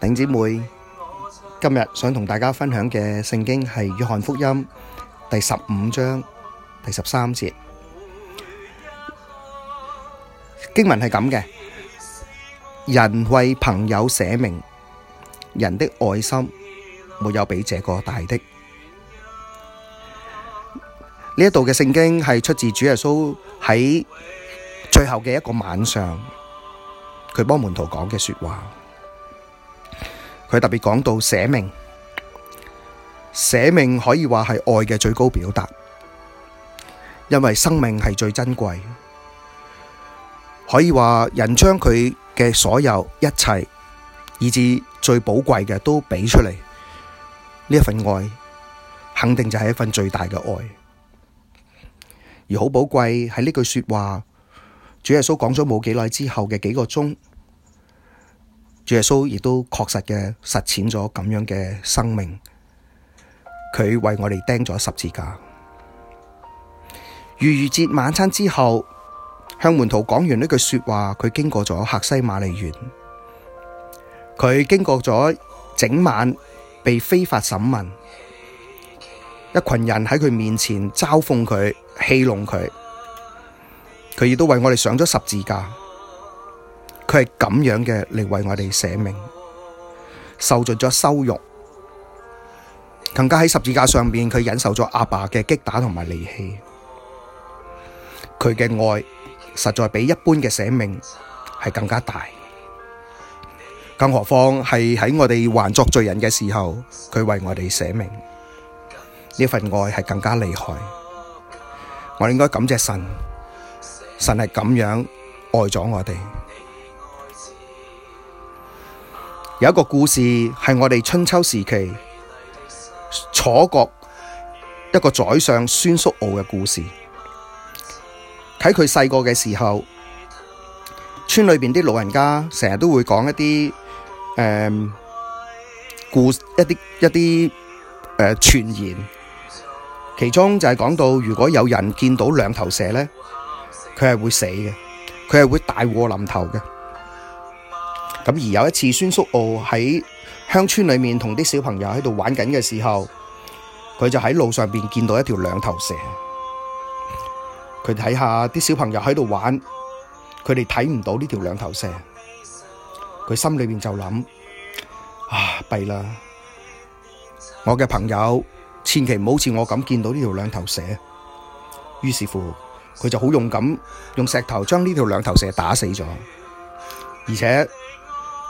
弟姊妹，今日想同大家分享嘅聖經係《約翰福音》第十五章第十三節，經文係咁嘅：人為朋友捨命，人的愛心沒有比這個大的。呢一度嘅聖經係出自主耶穌喺最後嘅一個晚上，佢幫門徒講嘅說話。佢特別講到捨命，捨命可以話係愛嘅最高表達，因為生命係最珍貴，可以話人將佢嘅所有一切，以至最寶貴嘅都俾出嚟，呢一份愛肯定就係一份最大嘅愛，而好寶貴喺呢句說話，主耶穌講咗冇幾耐之後嘅幾個鐘。主耶穌亦都確實嘅實踐咗咁樣嘅生命，佢為我哋釘咗十字架。逾越節晚餐之後，向門徒講完呢句說話，佢經過咗客西馬尼園，佢經過咗整晚被非法審問，一群人喺佢面前嘲諷佢、戲弄佢，佢亦都為我哋上咗十字架。佢係咁樣嘅嚟為我哋捨命，受盡咗羞辱，更加喺十字架上邊佢忍受咗阿爸嘅擊打同埋離棄。佢嘅愛實在比一般嘅捨命係更加大，更何況係喺我哋還作罪人嘅時候，佢為我哋捨命呢份愛係更加厲害。我應該感謝神，神係咁樣愛咗我哋。有一個故事係我哋春秋時期楚國一個宰相孫叔敖嘅故事。喺佢細個嘅時候，村裏邊啲老人家成日都會講一啲誒故一啲一啲誒傳言，其中就係講到如果有人見到兩頭蛇咧，佢係會死嘅，佢係會大禍臨頭嘅。咁而有一次，孫叔敖喺鄉村裏面同啲小朋友喺度玩緊嘅時候，佢就喺路上邊見到一條兩頭蛇。佢睇下啲小朋友喺度玩，佢哋睇唔到呢條兩頭蛇，佢心裏面就諗：啊，弊啦！我嘅朋友千祈唔好似我咁見到呢條兩頭蛇。於是乎，佢就好勇敢，用石頭將呢條兩頭蛇打死咗，而且。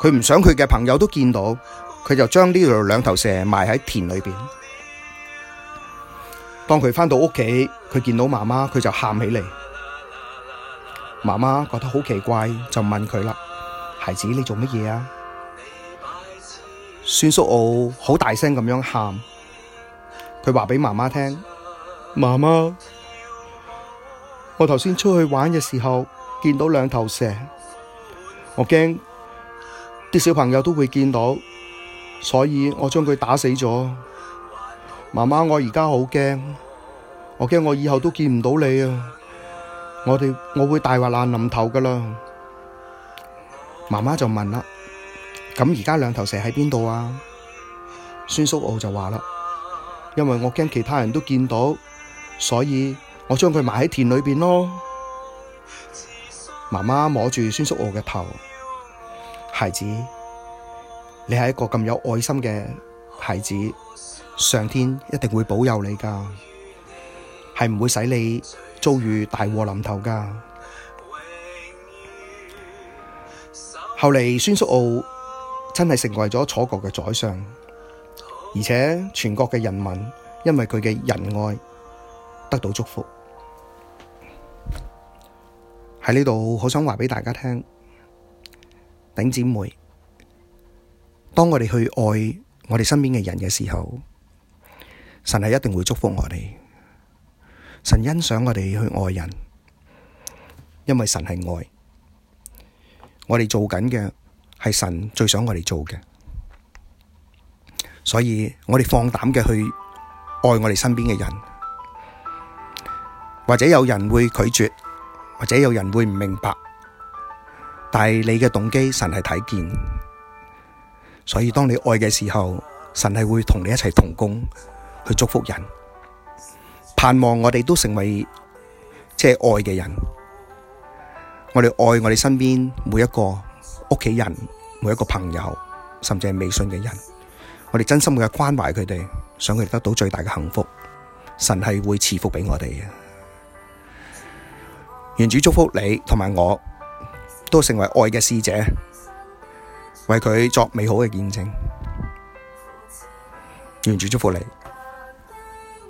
佢唔想佢嘅朋友都見到，佢就將呢度兩頭蛇埋喺田裏邊。當佢返到屋企，佢見到媽媽，佢就喊起嚟。媽媽覺得好奇怪，就問佢啦：孩子，你做乜嘢啊？孫叔敖好大聲咁樣喊，佢話畀媽媽聽：媽媽，我頭先出去玩嘅時候見到兩頭蛇，我驚，啲小朋友都會見到，所以我將佢打死咗。媽媽，我而家好驚，我驚我以後都見唔到你啊！我哋我會大難臨頭㗎啦。媽媽就問啦：咁而家兩頭蛇喺邊度啊？孫叔敖就話啦：因為我驚其他人都見到，所以我將佢埋喺田裏邊咯。媽媽摸住孫叔敖嘅頭。孩子，你係一個咁有愛心嘅孩子，上天一定會保佑你噶，係唔會使你遭遇大禍臨頭噶。後嚟，孫叔敖真係成為咗楚國嘅宰相，而且全國嘅人民因為佢嘅仁愛得到祝福。喺呢度好想話畀大家聽。頂姊妹，當我哋去愛我哋身邊嘅人嘅時候，神係一定會祝福我哋。神欣賞我哋去愛人，因為神係愛。我哋做緊嘅係神最想我哋做嘅，所以我哋放膽嘅去愛我哋身邊嘅人，或者有人會拒絕，或者有人會唔明白。但係你嘅動機，神係睇見，所以當你愛嘅時候，神係會同你一齊同工去祝福人。盼望我哋都成為即係愛嘅人，我哋愛我哋身邊每一個屋企人、每一個朋友，甚至係未信嘅人，我哋真心會去關懷佢哋，想佢哋得到最大嘅幸福，神係會賜福俾我哋嘅。願主祝福你同埋我。都成為愛嘅使者，為佢作美好嘅見證。願主祝福你。